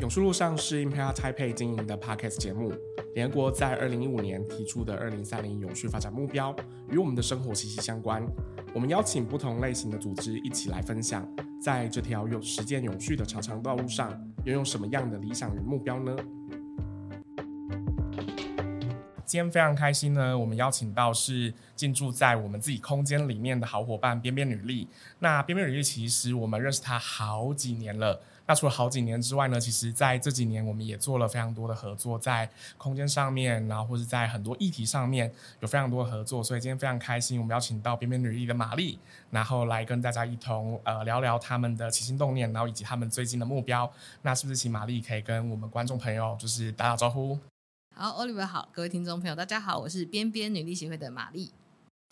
永續路上是 Impact Hub Taipei 經營的 Podcast 節目。聯合國在二零一五年提出的二零三零永續發展目標，與我們的生活息息相關。我們邀請不同類型的組織一起來分享，在這條有實踐永續的長長道路上，擁有什麼樣的理想與目標呢？今天非常開心呢，我們邀請到是進駐在我們自己空間裡面的好夥伴邊邊女力。那邊邊女力其實我們認識他好幾年了。那除了好幾年之外呢，其實在這幾年我們也做了非常多的合作，在空間上面，然後或者在很多議題上面有非常多的合作，所以今天非常開心，我們邀請到邊邊女力的馬力，然後來跟大家一同呃聊聊他們的起心動念，然後以及他們最近的目標。那是不是請馬力可以跟我們觀眾朋友就是打打招呼？好，Oliver 好，各位聽眾朋友大家好，我是邊邊女力協會的馬力。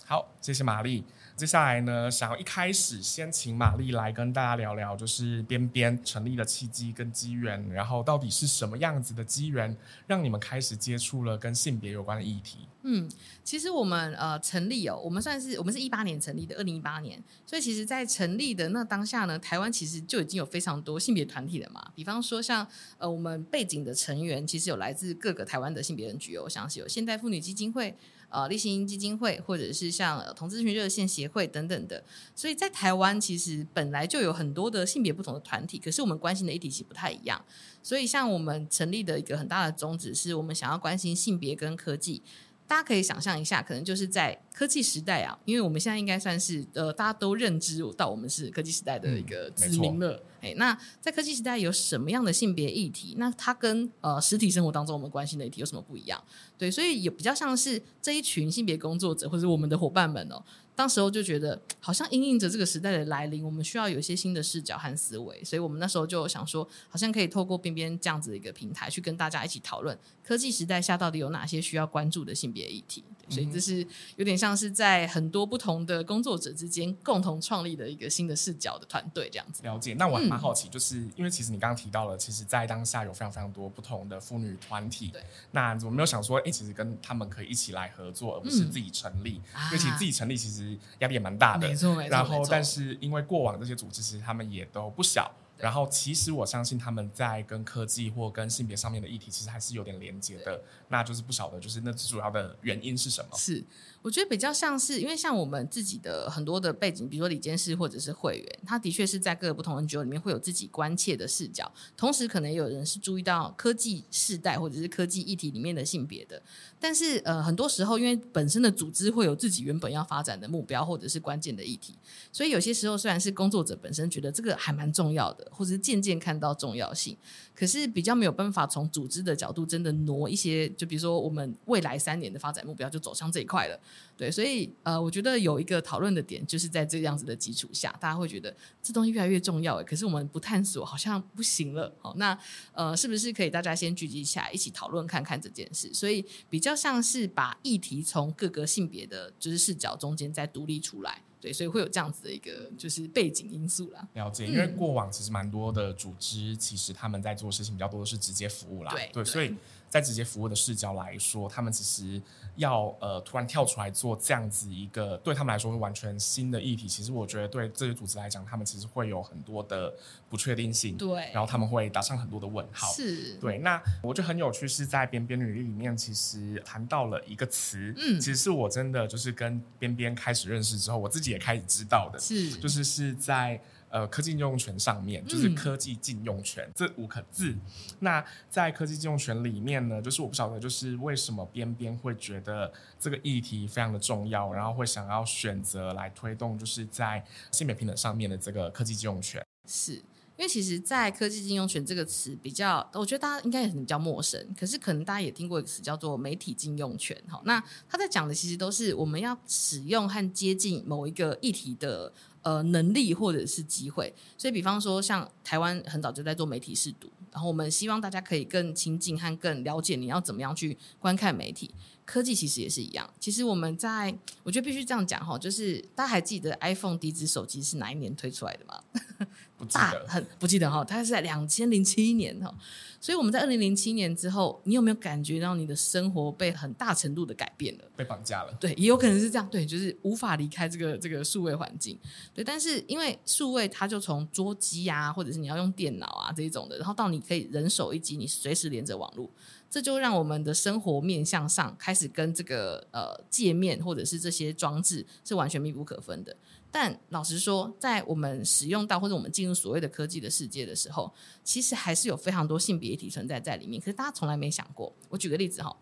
好，謝謝馬力。接下來呢，想要一開始先請馬力來跟大家聊聊，就是邊邊成立的契機跟機緣，然後到底是什麼樣子的機緣，讓你們開始接觸了跟性別有關的議題？嗯，其實我們呃成立哦，我們算是我們是一八年成立的，二零一八年，所以其實在成立的那當下呢，台灣其實就已經有非常多性別團體了嘛，比方說像呃我們背景的成員，其實有來自各個台灣的性別人局哦，我相信有現代婦女基金會。啊、呃，勵馨基金會，或者是像同志諮詢熱線協會等等的，所以在台灣其實本來就有很多的性別不同的團體，可是我們關心的一體系不太一樣，所以像我們成立的一個很大的宗旨，是我們想要關心性別跟科技。大家可以想象一下，可能就是在科技時代啊，因為我們現在應該算是呃，大家都認知到我們是科技時代的一個子民了。誒、嗯欸，那在科技時代有什麼樣的性別議題？那它跟呃實體生活當中我們關心的議題有什麼不一樣？對，所以也比較像是這一群性別工作者或者我們的夥伴們哦、喔。當時候就覺得好像因應着這個時代的來臨，我們需要有一些新的視角和思維，所以我們那時候就想說，好像可以透過邊邊這樣子的一個平台，去跟大家一起討論科技時代下到底有哪些需要關注的性別議題。所以這是有點像是在很多不同的工作者之間共同創立的一個新的視角的團隊這樣子。了解。那我還蠻好奇，嗯、就是因為其實你剛剛提到了，其實，在當下有非常非常多不同的婦女團體。對那我們沒有想說，哎、欸，其實跟他們可以一起來合作，而不是自己成立？嗯、因為其實自己成立其實壓力也蠻大的。啊、沒錯沒錯，然後，但是因為過往這些組織，其實他們也都不小。然後，其實我相信他們在跟科技或跟性別上面的議題，其實還是有點連結的。對那就是不曉得，就是那最主要的原因是什麼？是。我覺得比較像是，因為像我們自己的很多的背景，比如說理監事或者是會員，他的確是在各個不同的角落裡面會有自己關切的視角。同時，可能也有人是注意到科技世代或者是科技議題裡面的性別的。但是，呃，很多時候因為本身的組織會有自己原本要發展的目標或者是關鍵的議題，所以有些時候雖然是工作者本身覺得這個還蠻重要的，或者是漸漸看到重要性。可是比較沒有辦法從組織的角度真的挪一些，就比如說我們未來三年的發展目標就走向這一塊了，對，所以呃，我覺得有一個討論的點就是在這樣子的基礎下，大家會覺得這東西越來越重要，可是我們不探索好像不行了，好，那呃是不是可以大家先聚集一下，一起討論看看這件事？所以比較像是把議題從各個性別的就是視角中間再獨立出來。對，所以會有這樣子的一個就是背景因素啦。了解，因為過往其實蠻多的組織，嗯、其實他們在做事情比較多的是直接服務啦。對，對對所以。在直接服務的視角來說，他們其實要呃突然跳出來做這樣子一個對他們來說是完全新的議題，其實我覺得對這些組織來講，他們其實會有很多的不確定性，對，然後他們會打上很多的問號，是，對。那我就很有趣，是在邊邊女力裡面其實談到了一個詞，嗯，其實是我真的就是跟邊邊開始認識之後，我自己也開始知道的，是，就是是在。呃，科技近用權上面就是科技近用權，嗯、這五個字。那在科技近用權裡面呢，就是我不曉得，就是為什麼邊邊會覺得這個議題非常的重要，然後會想要選擇來推動，就是在性別平等上面的這個科技近用權。是，因為其實，在科技近用權這個詞比較，我覺得大家應該也是比較陌生。可是，可能大家也聽過一個詞叫做媒體近用權，哈。那他在講的其實都是我們要使用和接近某一個議題的。呃，能力或者是機會，所以比方說，像台灣很早就在做媒體識讀，然後我們希望大家可以更親近和更了解你要怎麼樣去觀看媒體。科技其實也是一樣，其實我們在我覺得必須這樣講哈，就是大家還記得 iPhone 第一隻手機是哪一年推出來的嗎？不記得，很不記得哈，大概是在兩千零七年哈。所以我們在二零零七年之後，你有沒有感覺到你的生活被很大程度的改變了？被綁架了？對，也有可能是這樣，對，就是無法離開這個這個數位環境。對，但是因為數位，它就從桌機啊，或者是你要用電腦啊這一種的，然後到你可以人手一機，你隨時連着網絡。這就讓我們的生活面向上開始跟這個呃界面或者是這些裝置是完全密不可分的。但老實說，在我們使用到或者我們進入所謂的科技的世界的時候，其實還是有非常多性別議題，存在在裡面。可是大家從來沒想過。我舉個例子哈。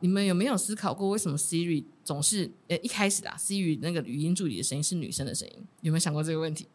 你們有沒有思考過，為什麼 Siri 總是呃、欸、一開始啊 Siri 那個語音助理的聲音是女生的聲音？有沒有想過這個問題？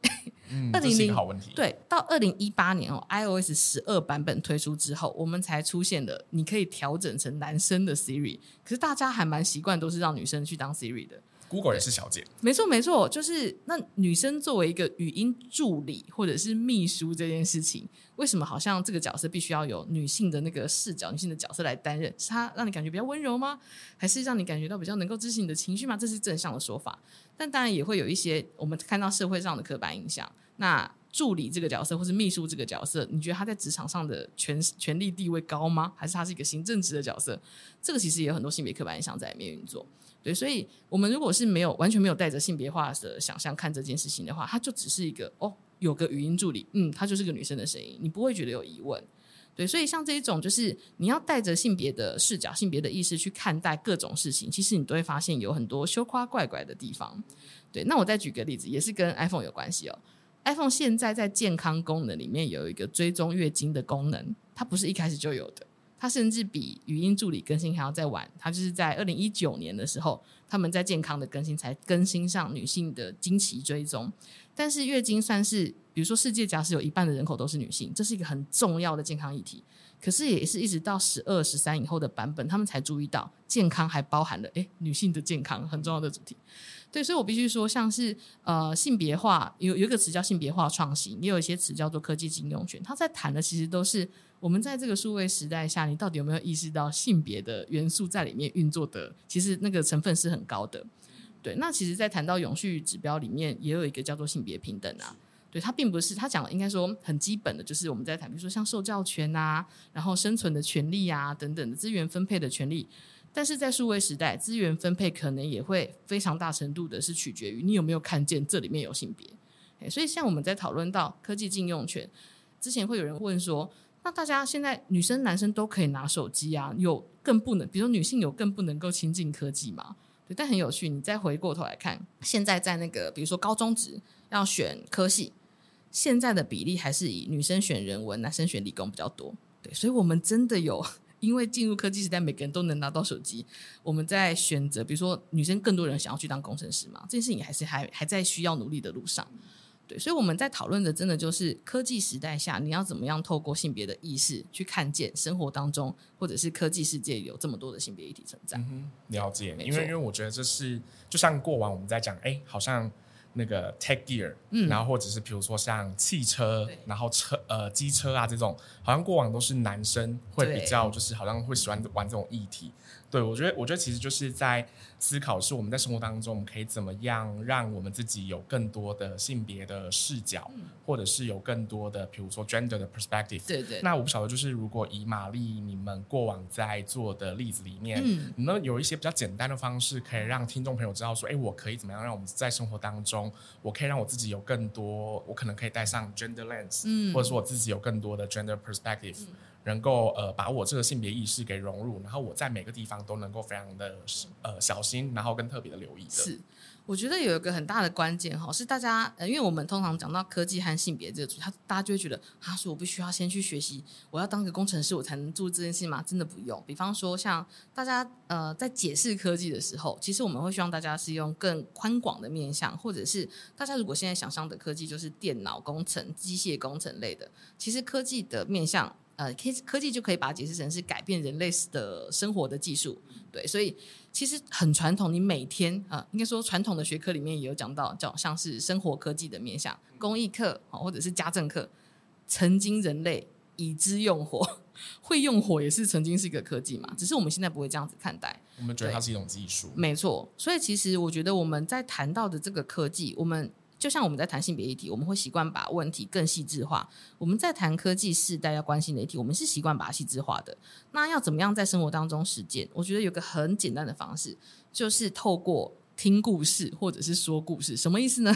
二 零、嗯、這是一個好問題、一零對，到二零一八年哦，iOS 十二版本推出之後，我們才出現的。你可以調整成男生的 Siri，可是大家還蠻習慣都是讓女生去當 Siri 的。Google 也是小姐。沒錯沒錯，就是那女生作為一個語音助理或者是秘書這件事情，為什麼好像這個角色必須要有女性的那個視角，女性的角色來擔任？是她讓你感覺比較溫柔嗎？還是讓你感覺到比較能夠支持你的情緒嗎？這是正向的說法，但當然也會有一些我們看到社會上的刻板印象。那助理這個角色或是秘書這個角色，你覺得他在職場上的權權力地位高嗎？還是他是一個行政職的角色？這個其實也有很多性別刻板印象在裡面運作。對，所以我們如果是沒有完全沒有帶着性別化的想象看這件事情的話，它就只是一個哦，有個語音助理，嗯，它就是個女生的聲音，你不會覺得有疑問。對，所以像這一種就是你要帶着性別的視角、性別的意識去看待各種事情，其實你都會發現有很多羞花怪怪的地方。對，那我再舉個例子，也是跟 iPhone 有關係哦。iPhone 現在在健康功能裡面有一個追蹤月經的功能，它不是一開始就有的。它甚至比語音助理更新還要再晚，它就是在二零一九年的時候，他們在健康的更新才更新上女性的經期追蹤。但是月經算是，比如說世界假使有一半的人口都是女性，這是一個很重要的健康議題。可是也是一直到十二、十三以後的版本，他們才注意到健康還包含了誒女性的健康很重要的主題。對，所以我必須說，像是呃性別化有有一個詞叫性別化創新，也有一些詞叫做科技近用權，他在談的其實都是。我們在這個數位時代下，你到底有沒有意識到性別的元素在裡面運作的？其實那個成分是很高的。對，那其實，在談到永續指標裡面，也有一個叫做性別平等啊。對，它並不是，它講的應該說很基本的，就是我們在談，比如說像受教權啊，然後生存的權利啊等等的資源分配的權利。但是在數位時代，資源分配可能也會非常大程度的是取決於你有沒有看見這裡面有性別。所以像我們在討論到科技近用權之前，會有人問說。那大家現在女生男生都可以拿手機啊，有更不能，比如說女性有更不能夠親近科技嘛？對，但很有趣，你再回過頭來看，現在在那個比如說高中職要選科系，現在的比例還是以女生選人文、男生選理工比較多。對，所以我們真的有因為進入科技時代，每個人都能拿到手機，我們在選擇，比如說女生更多人想要去當工程師嘛，這件事情還是還還在需要努力的路上。所以我們在討論的，真的就是科技時代下，你要怎麼樣透過性別的意識去看見生活當中，或者是科技世界有這麼多的性別議題存在。嗯哼。了解。因為因為我覺得這是就像過往我們在講，哎、欸，好像那個 tech gear，嗯，然後或者是比如說像汽車，對然後車呃機車啊這種，好像過往都是男生會比較就是好像會喜歡玩這種議題。對嗯對，我覺得，我覺得其實就是在思考，是我們在生活當中，我們可以怎麼樣讓我們自己有更多的性別的視角，嗯、或者是有更多的，比如說 gender 的 perspective。對對。那我不曉得，就是如果以馬力你們過往在做的例子裡面，嗯、你們有一些比較簡單的方式，可以讓聽眾朋友知道說，誒，我可以怎麼樣讓我們在生活當中，我可以讓我自己有更多，我可能可以帶上 gender lens，嗯，或者說我自己有更多的 gender perspective。嗯能夠呃把我這個性別意識給融入，然後我在每個地方都能夠非常的呃小心，然後更特別的留意的。是，我覺得有一個很大的關鍵哈，是大家呃，因為我們通常講到科技和性別這個主題，大家就會覺得，他、啊、說我必須要先去學習，我要當個工程師，我才能做這件事嗎？真的不用。比方說，像大家呃在解釋科技的時候，其實我們會希望大家是用更寬廣的面向，或者是大家如果現在想象的科技就是電腦工程、機械工程類的，其實科技的面向。呃，科技就可以把它解釋成是改變人類的生活的技術，對，所以其實很傳統。你每天啊、呃，應該說傳統的學科裡面也有講到，叫像是生活科技的面向，工藝課或者是家政課，曾經人類已知用火，會用火也是曾經是一個科技嘛，只是我們現在不會這樣子看待，我們覺得它是一種技術，沒錯。所以其實我覺得我們在談到的這個科技，我們。就像我們在談性別議題，我們會習慣把問題更細緻化；我們在談科技時代要關心的議題，我們是習慣把它細緻化的。那要怎麼樣在生活當中實踐？我覺得有個很簡單的方式，就是透過聽故事或者是說故事，什麼意思呢？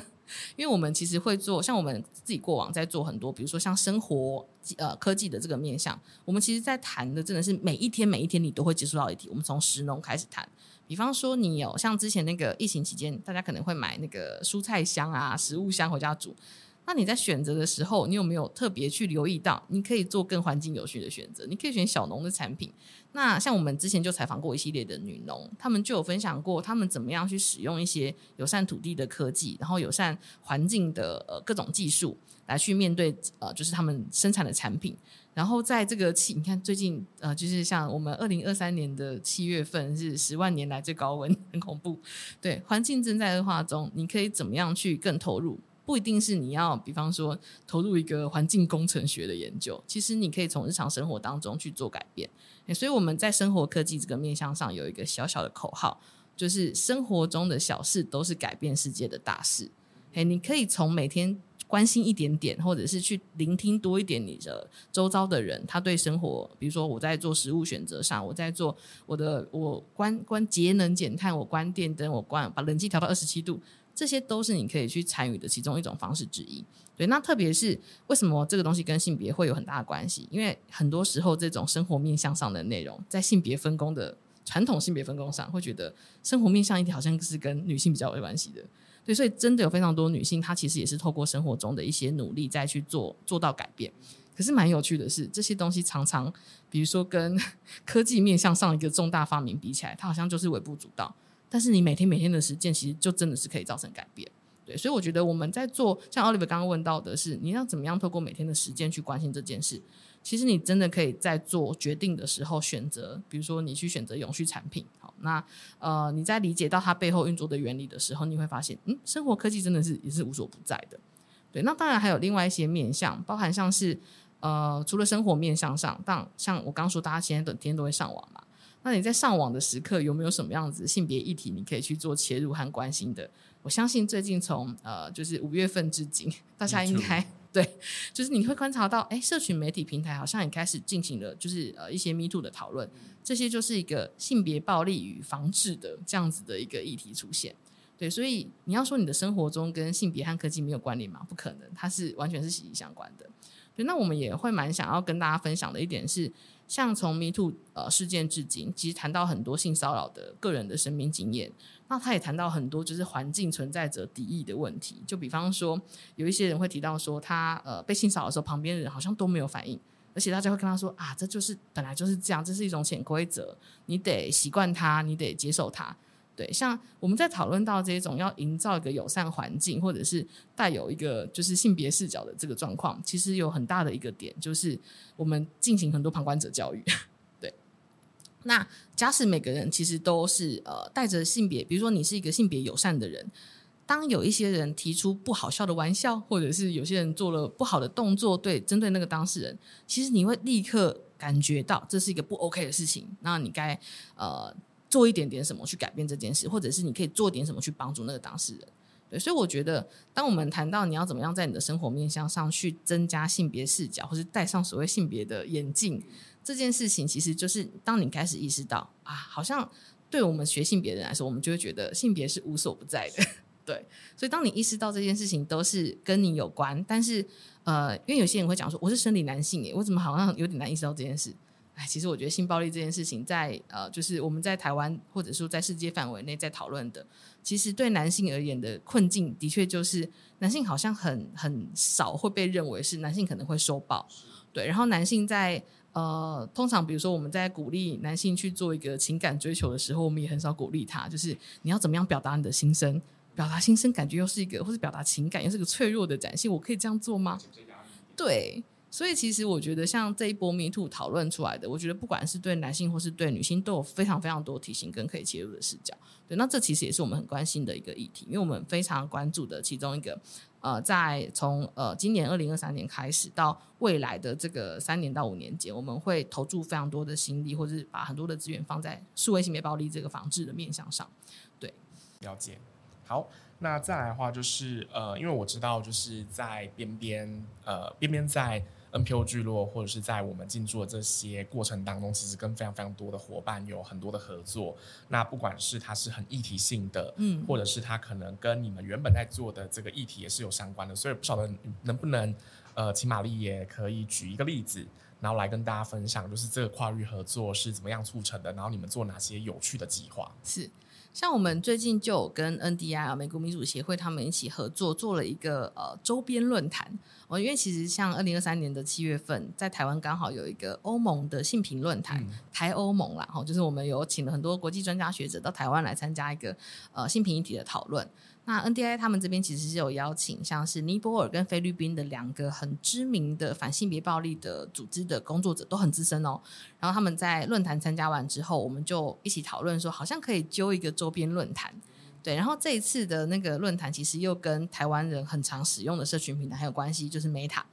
因為我們其實會做，像我們自己過往在做很多，比如說像生活呃科技的這個面向，我們其實在談的真的是每一天每一天你都會接觸到議題。我們從食農開始談。比方說，你有像之前那個疫情期間，大家可能會買那個蔬菜箱啊、食物箱回家煮。那你在選擇的時候，你有沒有特別去留意到？你可以做更環境有序的選擇，你可以選小農的產品。那像我們之前就採訪過一系列的女農，他們就有分享過他們怎麼樣去使用一些友善土地的科技，然後友善環境的呃各種技術來去面對呃就是他們生產的產品。然後在這個七，你看最近呃就是像我們二零二三年的七月份是十萬年來最高溫，很恐怖。對，環境正在惡化中，你可以怎麼樣去更投入？不一定是你要，比方說投入一個環境工程學的研究，其實你可以從日常生活當中去做改變。所以我們在生活科技這個面向上有一個小小的口號，就是生活中的小事都是改變世界的大事。哎，你可以從每天關心一點點，或者是去聆聽多一點你的周遭的人，他對生活，比如說我在做食物選擇上，我在做我的我關關節能減碳，我關電燈，我關把冷氣調到二十七度。這些都是你可以去參與的其中一種方式之一。對，那特別是為什麼這個東西跟性別會有很大的關係？因為很多時候，這種生活面向上的內容，在性別分工的傳統性別分工上，會覺得生活面向一點好像是跟女性比較有關係的。對，所以真的有非常多女性，她其實也是透過生活中的一些努力，再去做做到改變。可是，蠻有趣的是，這些東西常常，比如說跟科技面向上一個重大發明比起來，它好像就是微不足道。但是你每天每天的實踐，其實就真的是可以造成改變，對，所以我覺得我們在做像 Oliver 剛剛問到的是，你要怎麼樣透過每天的時間去關心這件事？其實你真的可以在做決定的時候選擇，比如說你去選擇永續產品，好，那呃你在理解到它背後運作的原理的時候，你會發現，嗯，生活科技真的是也是無所不在的，對，那當然還有另外一些面向，包含像是呃除了生活面向上，當像我剛說大家現在整天都會上網嘛。那你在上網的時刻，有沒有什麼樣子性別議題你可以去做切入和關心的？我相信最近從呃，就是五月份至今，大家應該 Me too. 對，就是你會觀察到，哎、欸，社群媒體平台好像也開始進行了，就是呃一些 Me Too 的討論，這些就是一個性別暴力與防治的這樣子的一個議題出現。對，所以你要說你的生活中跟性別和科技沒有關聯嗎？不可能，它是完全是息息相關的。那我們也會蠻想要跟大家分享的一點是，像從 Me Too 呃，事件至今，其實談到很多性騷擾的個人的生命經驗，那他也談到很多就是環境存在着敵意的問題，就比方說有一些人會提到說他呃被性騷擾的時候，旁邊的人好像都沒有反應，而且大家會跟他說啊，這就是本來就是這樣，這是一種潛規則，你得習慣它，你得接受它。對，像我們在討論到這種要營造一個友善環境，或者是帶有一個就是性別視角的這個狀況，其實有很大的一個點，就是我們進行很多旁觀者教育。對，那假使每個人其實都是呃帶着性別，比如說你是一個性別友善的人，當有一些人提出不好笑的玩笑，或者是有些人做了不好的動作，對，針對那個當事人，其實你會立刻感覺到這是一個不 OK 的事情，那你該呃。做一點點什麼去改變這件事，或者是你可以做點什麼去幫助那個當事人。對，所以我覺得，當我們談到你要怎麼樣在你的生活面向上去增加性別視角，或是戴上所謂性別的眼鏡這件事情，其實就是當你開始意識到啊，好像對我們學性別的人來說，我們就會覺得性別是無所不在的。對，所以當你意識到這件事情都是跟你有關，但是呃，因為有些人會講說，我是生理男性，誒，我怎麼好像有點難意識到這件事。哎，其實我覺得性暴力這件事情在，在呃，就是我們在台灣，或者說在世界範圍內在討論的，其實對男性而言的困境，的確就是男性好像很很少會被認為是男性可能會受暴。是對。然後男性在呃，通常比如說我們在鼓勵男性去做一個情感追求的時候，我們也很少鼓勵他，就是你要怎麼樣表達你的心聲，表達心聲感覺又是一個，或者表達情感又是個脆弱的展現，我可以這樣做嗎？嗯、對。所以其實我覺得，像這一波 MeToo 討論出來的，我覺得不管是對男性或是對女性，都有非常非常多提醒跟可以切入的視角。對，那這其實也是我們很關心的一個議題，因為我們非常關注的其中一個，呃，在從呃今年二零二三年開始到未來的這個三年到五年間，我們會投注非常多的心力，或者是把很多的資源放在數位性別暴力這個防治的面向上。對，了解。好，那再來的話就是，呃，因為我知道就是在邊邊，呃，邊邊在。NPO 聚落，或者是在我們進駐的這些過程當中，其實跟非常非常多的夥伴有很多的合作。那不管是它是很議題性的，嗯，或者是它可能跟你們原本在做的這個議題也是有相關的，所以不曉得能不能，呃，請馬力也可以舉一個例子，然後來跟大家分享，就是這個跨域合作是怎麼樣促成的，然後你們做哪些有趣的計劃？是。像我們最近就有跟 NDI、啊、美國民主協會他們一起合作做了一個呃周邊論壇，哦，因為其實像二零二三年的七月份在台灣剛好有一個歐盟的性平論壇，嗯、台歐盟啦、哦，就是我們有請了很多國際專家學者到台灣來參加一個呃性平議題的討論。那 NDI 他們這邊其實是有邀請，像是尼泊爾跟菲律賓的兩個很知名的反性別暴力的組織的工作者都很資深哦。然後他們在論壇參加完之後，我們就一起討論說，好像可以揪一個周邊論壇。對，然後這一次的那個論壇其實又跟台灣人很常使用的社群平台還有關係，就是 Meta。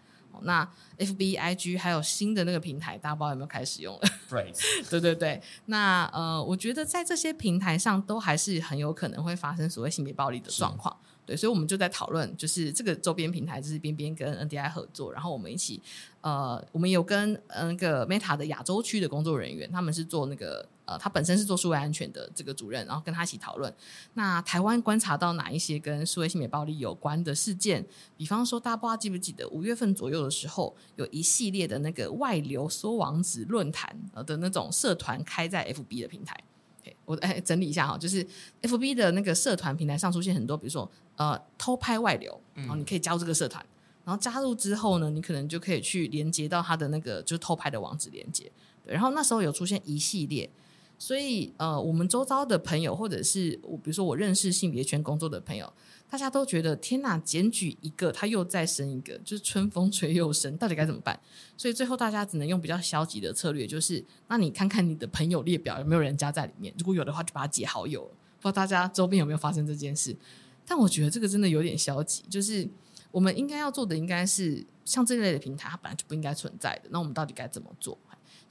那 F B I G 還有新的那個平台，大家不知道有沒有開始用了？Right. 對對對。那呃，我覺得在這些平台上都還是很有可能會發生所謂性別暴力的狀況。是對，所以，我們就在討論，就是這個周邊平台，就是邊邊跟 N D I 合作，然後我們一起，呃，我們有跟那個 Meta 的亞洲區的工作人員，他們是做那個。呃，他本身是做數位安全的這個主任，然後跟他一起討論。那台灣觀察到哪一些跟數位性別暴力有關的事件？比方說，大家不知道記不記得五月份左右的時候，有一系列的那個外流縮網址論壇呃的那種社團開在 FB 的平台？Okay, 我哎、欸，整理一下哈，就是 FB 的那個社團平台上出現很多，比如說呃偷拍外流，然後你可以加入這個社團，嗯、然後加入之後呢，你可能就可以去連接到他的那個就是偷拍的網址連接。對，然後那時候有出現一系列。所以，呃，我們周遭的朋友，或者是我，比如說我認識性別圈工作的朋友，大家都覺得天哪，檢舉一個，他又再生一個，就是春風吹又生，到底該怎麼辦？所以最後大家只能用比較消極的策略，就是那你看看你的朋友列表有沒有人加在裡面，如果有的話，就把他解好友。不知道大家周邊有沒有發生這件事？但我覺得這個真的有點消極，就是我們應該要做的，應該是像這類的平台，它本來就不應該存在的。那我們到底該怎麼做？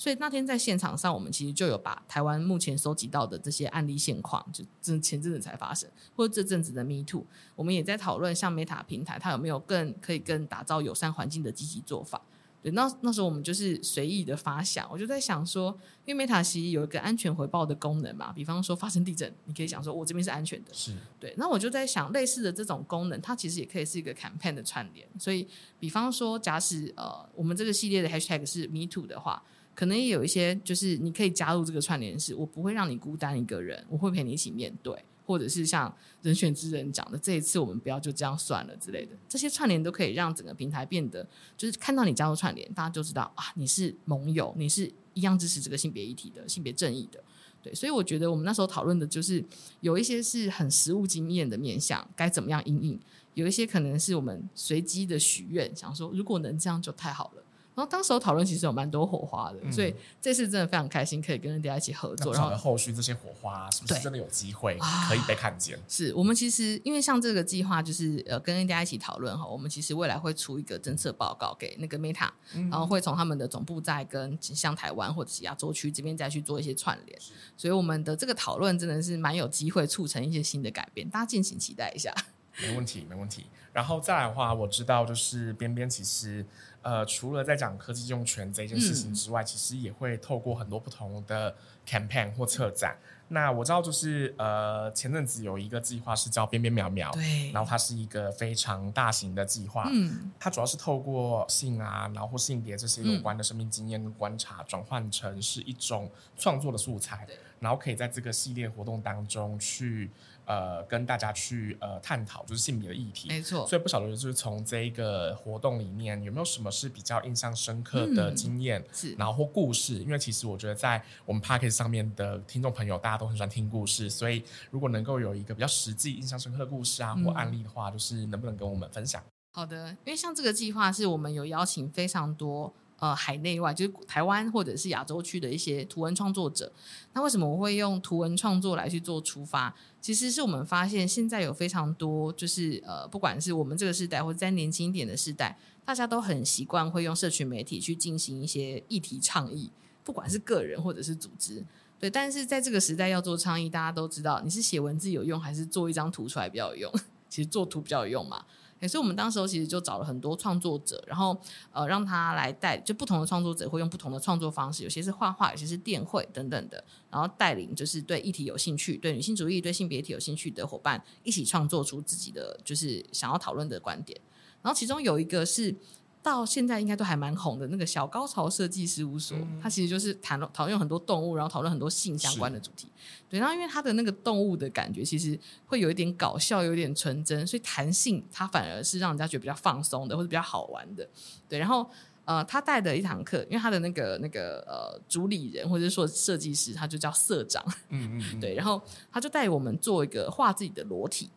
所以那天在現場上，我們其實就有把台灣目前收集到的這些案例現況，就這前陣子才發生，或者這陣子的 Me Too，我們也在討論像 Meta 平台它有沒有更可以更打造友善環境的積極做法。對，那那時候我們就是隨意的發想，我就在想說，因為 Meta 其實有一個安全回報的功能嘛，比方說發生地震，你可以想說我這邊是安全的，是對。那我就在想類似的這種功能，它其實也可以是一個 campaign 的串聯。所以，比方說假使呃我們這個系列的 hashtag 是 Me Too 的話。可能也有一些，就是你可以加入這個串聯是我不會讓你孤單一個人，我會陪你一起面對，或者是像人選之人講的，這一次我們不要就這樣算了之類的，這些串聯都可以讓整個平台變得，就是看到你加入串聯，大家就知道啊，你是盟友，你是一樣支持這個性別議題的、性別正義的，對，所以我覺得我們那時候討論的就是有一些是很實務經驗的面向，該怎麼樣因應，有一些可能是我們隨機的許願，想說如果能這樣就太好了。然後當時候討論其實有蠻多火花的，嗯、所以這次真的非常開心可以跟大家一起合作，嗯、然後後續這些火花是不是真的有機會、啊、可以被看見？是我們其實因為像這個計劃就是呃跟大家一起討論哈，我們其實未來會出一個政策報告給那個 Meta，嗯、然後會從他們的總部再跟像台灣或者是亞洲區這邊再去做一些串聯，是所以我們的這個討論真的是蠻有機會促成一些新的改變，大家敬請期待一下。沒問題，沒問題。然後再來的話，我知道就是邊邊其實，呃，除了在講科技用權這件事情之外，嗯、其實也會透過很多不同的 campaign 或策展。嗯、那我知道就是呃，前陣子有一個計劃是叫“邊邊描苗”，對。然後它是一個非常大型的計劃，嗯。它主要是透過性啊，然後性別這些有關的生命經驗跟觀察，嗯、轉換成是一種創作的素材，對然後可以在這個系列活動當中去。呃，跟大家去呃探討就是性別的議題。沒錯錯。所以不曉得就是從這一個活動裡面有沒有什麼是比較印象深刻的經驗，是、嗯、然後或故事，是因為其實我覺得在我們 Podcast 上面的聽眾朋友大家都很喜歡聽故事，所以如果能夠有一個比較實際、印象深刻的故事啊、嗯、或案例的話，就是能不能跟我們分享？好的，因為像這個計劃是我們有邀請非常多。呃，海內外就是台灣或者是亞洲區的一些圖文創作者。那為什麼我會用圖文創作來去做出發？其實是我們發現現在有非常多，就是呃，不管是我們這個世代或者在年輕一點的世代，大家都很習慣會用社群媒體去進行一些議題倡議，不管是個人或者是組織。對，但是在這個時代要做倡議，大家都知道你是寫文字有用，還是做一張圖出來比較有用？其實做圖比較有用嘛。所以我們當時其實就找了很多創作者，然後呃讓他來帶，就不同的創作者會用不同的創作方式，有些是畫畫，有些是電繪等等的，然後帶領就是對議題有興趣、對女性主義、對性別題有興趣的夥伴一起創作出自己的就是想要討論的觀點，然後其中有一個是。到現在應該都還蠻紅的，那個小高潮設計事務所，它、嗯、其實就是談論討論很多動物，然後討論很多性相關的主題。是對，然後因為他的那個動物的感覺，其實會有一點搞笑，有一點純真，所以談性它反而是讓人家覺得比較放鬆的，或者比較好玩的。對，然後呃，他帶的一堂課，因為他的那個那個呃，主理人或者說設計師，他就叫社長。嗯，嗯嗯， 對，然後他就帶我們做一個畫自己的裸體。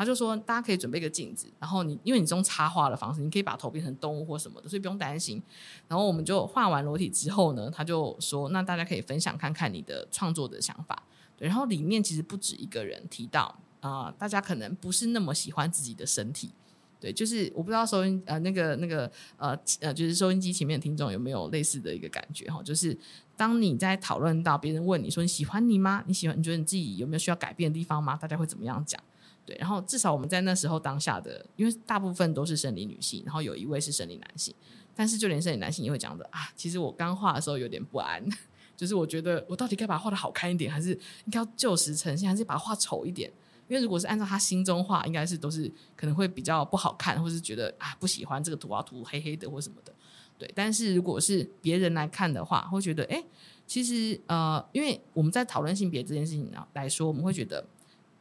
他就說，大家可以準備一個鏡子，然後你，因為你這種插畫的方式，你可以把頭變成動物或什麼的，所以不用擔心。然後我們就畫完裸體之後呢，他就說，那大家可以分享看看你的創作的想法。對，然後裡面其實不止一個人提到，啊、呃，大家可能不是那麼喜歡自己的身體，對，就是我不知道收音呃、那個那個呃、呃，就是收音機前面的聽眾有沒有類似的一個感覺哈、哦，就是當你在討論到別人問你說，你喜歡你嗎？你喜歡你覺得你自己有沒有需要改變的地方嗎？大家會怎麼樣講？對然後，至少我們在那時候當下的，因為大部分都是生理女性，然後有一位是生理男性，但是就連生理男性也會講的啊，其實我剛畫的時候有點不安，就是我覺得我到底該把它畫得好看一點，還是應該要據實呈現，還是把它畫醜一點？因為如果是按照他心中畫，應該是都是可能會比較不好看，或是覺得啊不喜歡這個圖啊塗黑黑的或什麼的。對，但是如果是別人來看的話，會覺得哎，其實呃，因為我們在討論性別這件事情呢來說，我們會覺得。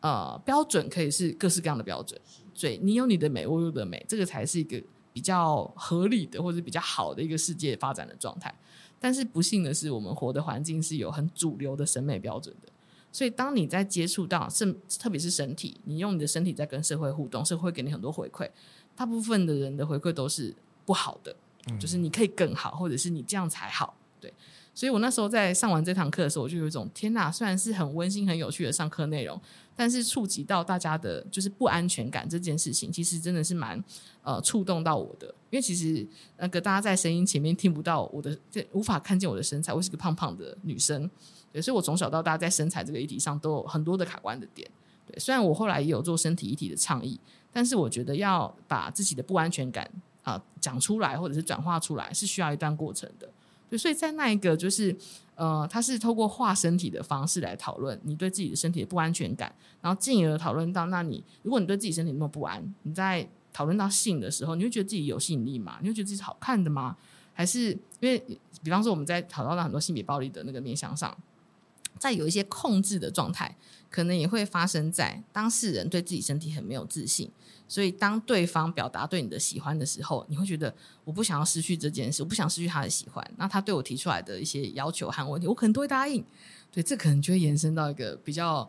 呃，標準可以是各式各樣的標準，所以你有你的美，我有我的美，這個才是一個比較合理的或者比較好的一個世界發展的狀態。但是不幸的是，我們活的環境是有很主流的審美標準的，所以當你在接觸到，特別是身體，你用你的身體在跟社會互動，社會給你很多回饋，大部分的人的回饋都是不好的，嗯，就是你可以更好，或者是你這樣才好，對。所以，我那時候在上完這堂課的時候，我就有一種天哪！雖然是很溫馨、很有趣的上課內容，但是觸及到大家的就是不安全感這件事情，其實真的是蠻呃觸動到我的。因為其實那個、呃、大家在聲音前面聽不到我的，這無法看見我的身材。我是個胖胖的女生，對，所以我從小到大在身材這個議題上都有很多的卡關的點。對，雖然我後來也有做身體議題的倡議，但是我覺得要把自己的不安全感啊、呃、講出來，或者是轉化出來，是需要一段過程的。所以在那一個就是，呃，他是透過畫身體的方式來討論你對自己的身體的不安全感，然後進而討論到，那你如果你對自己身體那麼不安，你在討論到性的時候，你會覺得自己有吸引力嗎？你會覺得自己是好看的嗎？還是因為，比方說我們在討論到很多性別暴力的那個面向上，在有一些控制的狀態，可能也會發生在當事人對自己身體很沒有自信，所以當對方表達對你的喜歡的時候，你會覺得我不想要失去這件事，我不想失去他的喜歡。那他對我提出來的一些要求和問題，我可能都會答應。對，這可能就會延伸到一個比較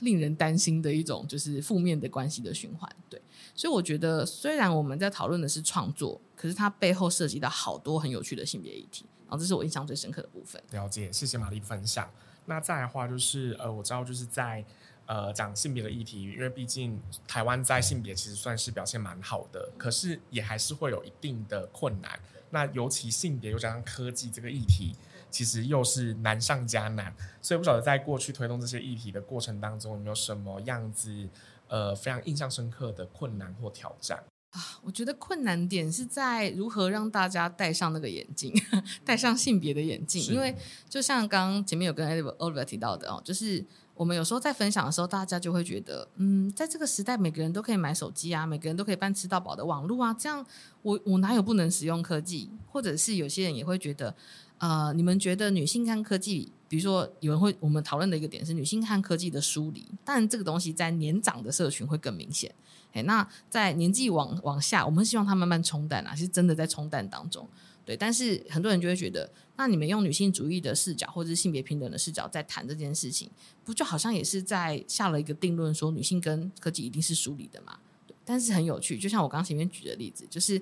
令人擔心的一種，就是負面的關係的循環。對，所以我覺得雖然我們在討論的是創作，可是它背後涉及到好多很有趣的性別議題。然後，這是我印象最深刻的部分。了解，謝謝馬力分享。那再來的話就是，呃，我知道就是在呃講性別的議題，因為畢竟台灣在性別其實算是表現蠻好的，可是也還是會有一定的困難。那尤其性別又加上科技這個議題，其實又是難上加難。所以不曉得在過去推動這些議題的過程當中，有沒有什麼樣子呃非常印象深刻的困難或挑戰？啊，我覺得困難點是在如何讓大家戴上那個眼鏡，戴上性別的眼鏡。是因為就像剛剛前面有跟 Oliver 提到的哦，就是我們有時候在分享的時候，大家就會覺得，嗯，在這個時代，每個人都可以買手機啊，每個人都可以辦吃到飽的網絡啊，這樣我我哪有不能使用科技？或者是有些人也會覺得，呃，你們覺得女性看科技，比如說有人會，我們討論的一個點是女性看科技的疏離，但這個東西在年長的社群會更明顯。Hey, 那在年紀往往下，我們希望它慢慢沖淡啊，其實真的在沖淡當中。對，但是很多人就會覺得，那你們用女性主義的視角或者性別平等的視角在談這件事情，不就好像也是在下了一個定論，說女性跟科技一定是疏離的嘛？對，但是很有趣，就像我剛剛前面舉的例子，就是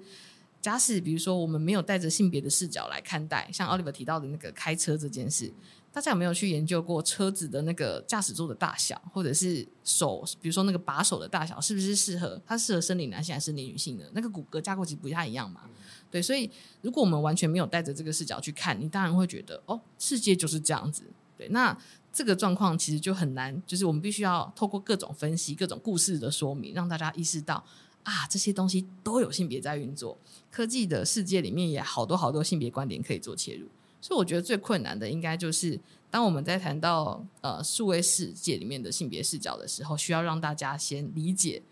假使比如說我們沒有帶着性別的視角來看待，像 Oliver 提到的那個開車這件事。大家有沒有去研究過車子的那個駕駛座的大小，或者是手，比如說那個把手的大小，是不是適合，它適合生理男性還是生理女性的？那個骨骼架構其實不太一樣嘛。嗯、對，所以如果我們完全沒有帶着這個視角去看，你當然會覺得哦，世界就是這樣子。對，那這個狀況其實就很難，就是我們必須要透過各種分析、各種故事的說明，讓大家意識到啊，這些東西都有性別在運作。科技的世界裡面也好多好多性別觀點可以做切入。所以我覺得最困難的，應該就是當我們在談到呃數位世界裡面的性別視角的時候，需要讓大家先理解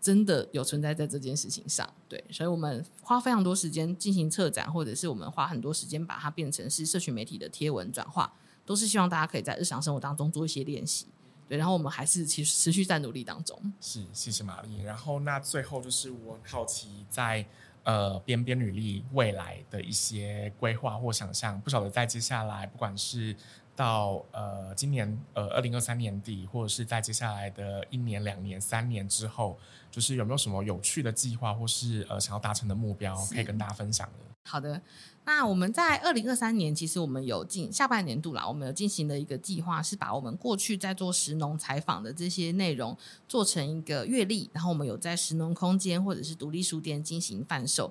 真的有存在在這件事情上。對，所以我們花非常多時間進行策展，或者是我們花很多時間把它變成是社群媒體的貼文轉化，都是希望大家可以在日常生活當中做一些練習。對，然後我們還是持續在努力當中。是，謝謝馬力。然後那最後就是我好奇在。呃，邊邊女力未來的一些規劃或想象不曉得在接下來，不管是。到呃，今年呃，二零二三年底，或者是在接下來的一年、兩年、三年之後，就是有沒有什麼有趣的計劃，或是呃，想要達成的目標，是可以跟大家分享的？好的，那我們在二零二三年，其實我們有進下半年度啦，我們有進行了一個計劃，是把我們過去在做食農採訪的這些內容做成一個月曆，然後我們有在食農空間或者是獨立書店進行販售。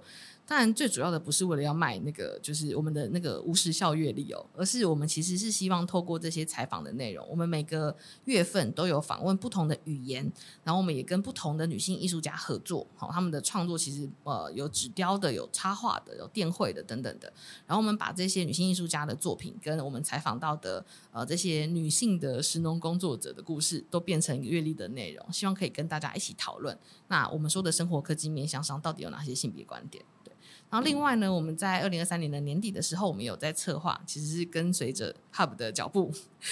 當然，最主要的不是為了要賣那個，就是我們的那個無石效月曆哦，而是我們其實是希望透過這些採訪的內容，我們每個月份都有訪問不同的語言，然後我們也跟不同的女性藝術家合作，好、哦，他們的創作其實呃有紙雕的、有插畫的、有電繪的等等的，然後我們把這些女性藝術家的作品跟我們採訪到的呃這些女性的食農工作者的故事，都變成月曆的內容，希望可以跟大家一起討論。那我們說的生活科技面向上到底有哪些性別觀點？然後，另外呢，嗯、我們在二零二三年的年底的時候，我們有在策劃，其實是跟隨着 Hub 的腳步，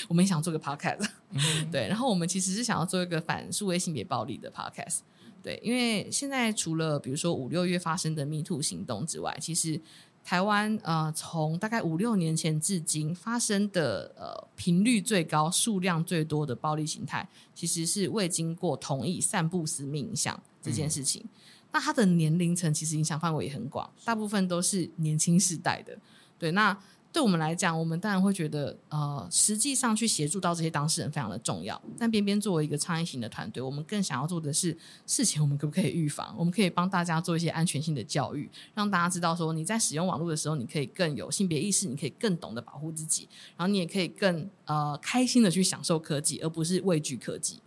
我們也想做個 podcast，嗯、對。然後我們其實是想要做一個反數位性別暴力的 podcast，對。因為現在除了比如說五六月發生的 Me Too 行動之外，其實台灣呃從大概五六年前至今發生的呃頻率最高、數量最多的暴力形態，其實是未經過同意散布私密影像這件事情。嗯那他的年齡層其實影響範圍也很廣，大部分都是年輕世代的。對，那對我們來講，我們當然會覺得，呃，實際上去協助到這些當事人非常的重要。但邊邊作為一個創意型的團隊，我們更想要做的是事情，我們可不可以預防？我們可以幫大家做一些安全性的教育，讓大家知道說，你在使用網絡的時候，你可以更有性別意識，你可以更懂得保護自己，然後你也可以更呃開心的去享受科技，而不是畏懼科技。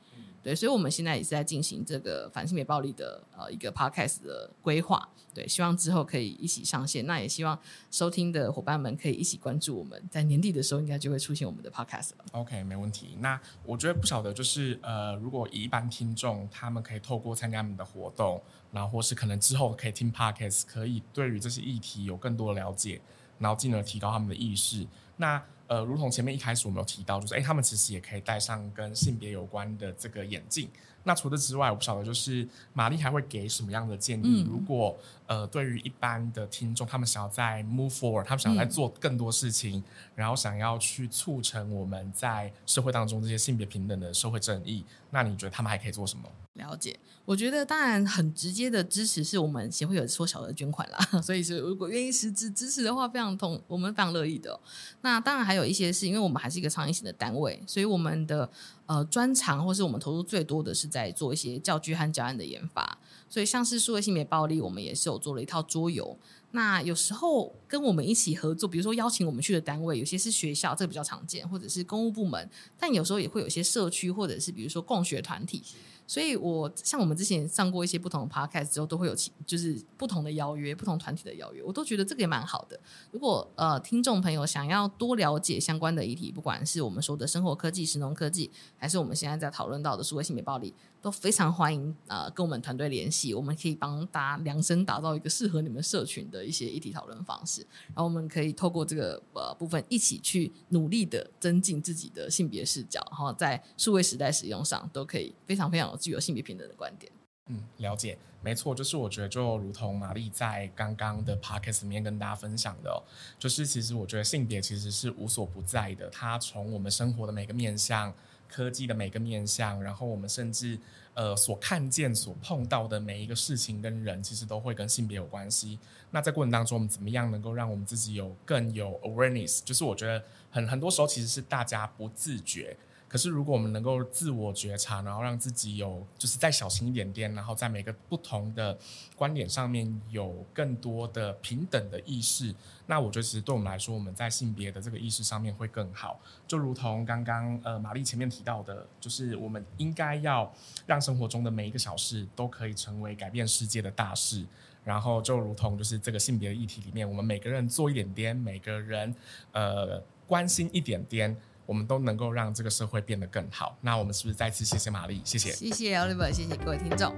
對，所以我們現在也是在進行這個反性別暴力的呃一個 podcast 的規劃，對，希望之後可以一起上線。那也希望收聽的夥伴們可以一起關注我們，在年底的時候應該就會出現我們的 podcast 了。OK，沒問題。那我覺得不曉得就是呃，如果一般聽眾他們可以透過參加我們的活動，然後或是可能之後可以聽 podcast，可以對於這些議題有更多的了解，然後進而提高他們的意識。那呃，如同前面一開始我們有提到，就是哎、欸，他們其實也可以戴上跟性別有關的這個眼鏡。那除此之外，我不曉得就是馬力還會給什麼樣的建議？嗯、如果呃，對於一般的聽眾，他們想要再 move forward，他們想要再做更多事情。嗯然後想要去促成我們在社會當中這些性別平等的社會正義，那你覺得他們還可以做什麼？了解，我覺得當然很直接的支持是我們協會有縮小的捐款啦，所以是如果願意實質支持的話，非常同我們非常樂意的哦。那當然還有一些是因為我們還是一個創意型的單位，所以我們的呃專長或是我們投入最多的是在做一些教具和教案的研發。所以，像是數位性別暴力，我們也是有做了一套桌遊。那有時候跟我們一起合作，比如說邀請我們去的單位，有些是學校，這個比較常見，或者是公務部門。但有時候也會有些社區，或者是比如說共學團體。所以我像我們之前上過一些不同的 podcast 之後，都會有其就是不同的邀約，不同團體的邀約，我都覺得這個也蠻好的。如果呃聽眾朋友想要多了解相關的議題，不管是我們說的生活科技、食農科技，還是我們現在在討論到的數位性別暴力。都非常歡迎啊、呃，跟我們團隊聯繫，我們可以幫大家量身打造一個適合你們社群的一些議題討論方式，然後我們可以透過這個呃部分，一起去努力的增進自己的性別視角，然後在數位時代使用上，都可以非常非常具有性別平等的觀點。嗯，了解，沒錯，就是我覺得就如同馬力在剛剛的 Podcast 裡面跟大家分享的、哦，就是其實我覺得性別其實是無所不在的，它從我們生活的每個面向。科技的每個面向，然後我們甚至呃所看見、所碰到的每一個事情跟人，其實都會跟性別有關係。那在過程當中，我們怎麼樣能夠讓我們自己有更有 awareness？就是我覺得很很多時候其實是大家不自覺。可是，如果我們能夠自我覺察，然後讓自己有，就是再小心一點點，然後在每個不同的觀點上面有更多的平等的意識，那我覺得其實對我們來說，我們在性別的這個意識上面會更好。就如同剛剛呃，馬力前面提到的，就是我們應該要讓生活中的每一個小事都可以成為改變世界的大事。然後，就如同就是這個性別的議題裡面，我們每個人做一點點，每個人呃關心一點點。我們都能夠讓這個社會變得更好。那我們是不是再次謝謝馬力？謝謝，謝謝 Oliver，謝謝各位聽眾。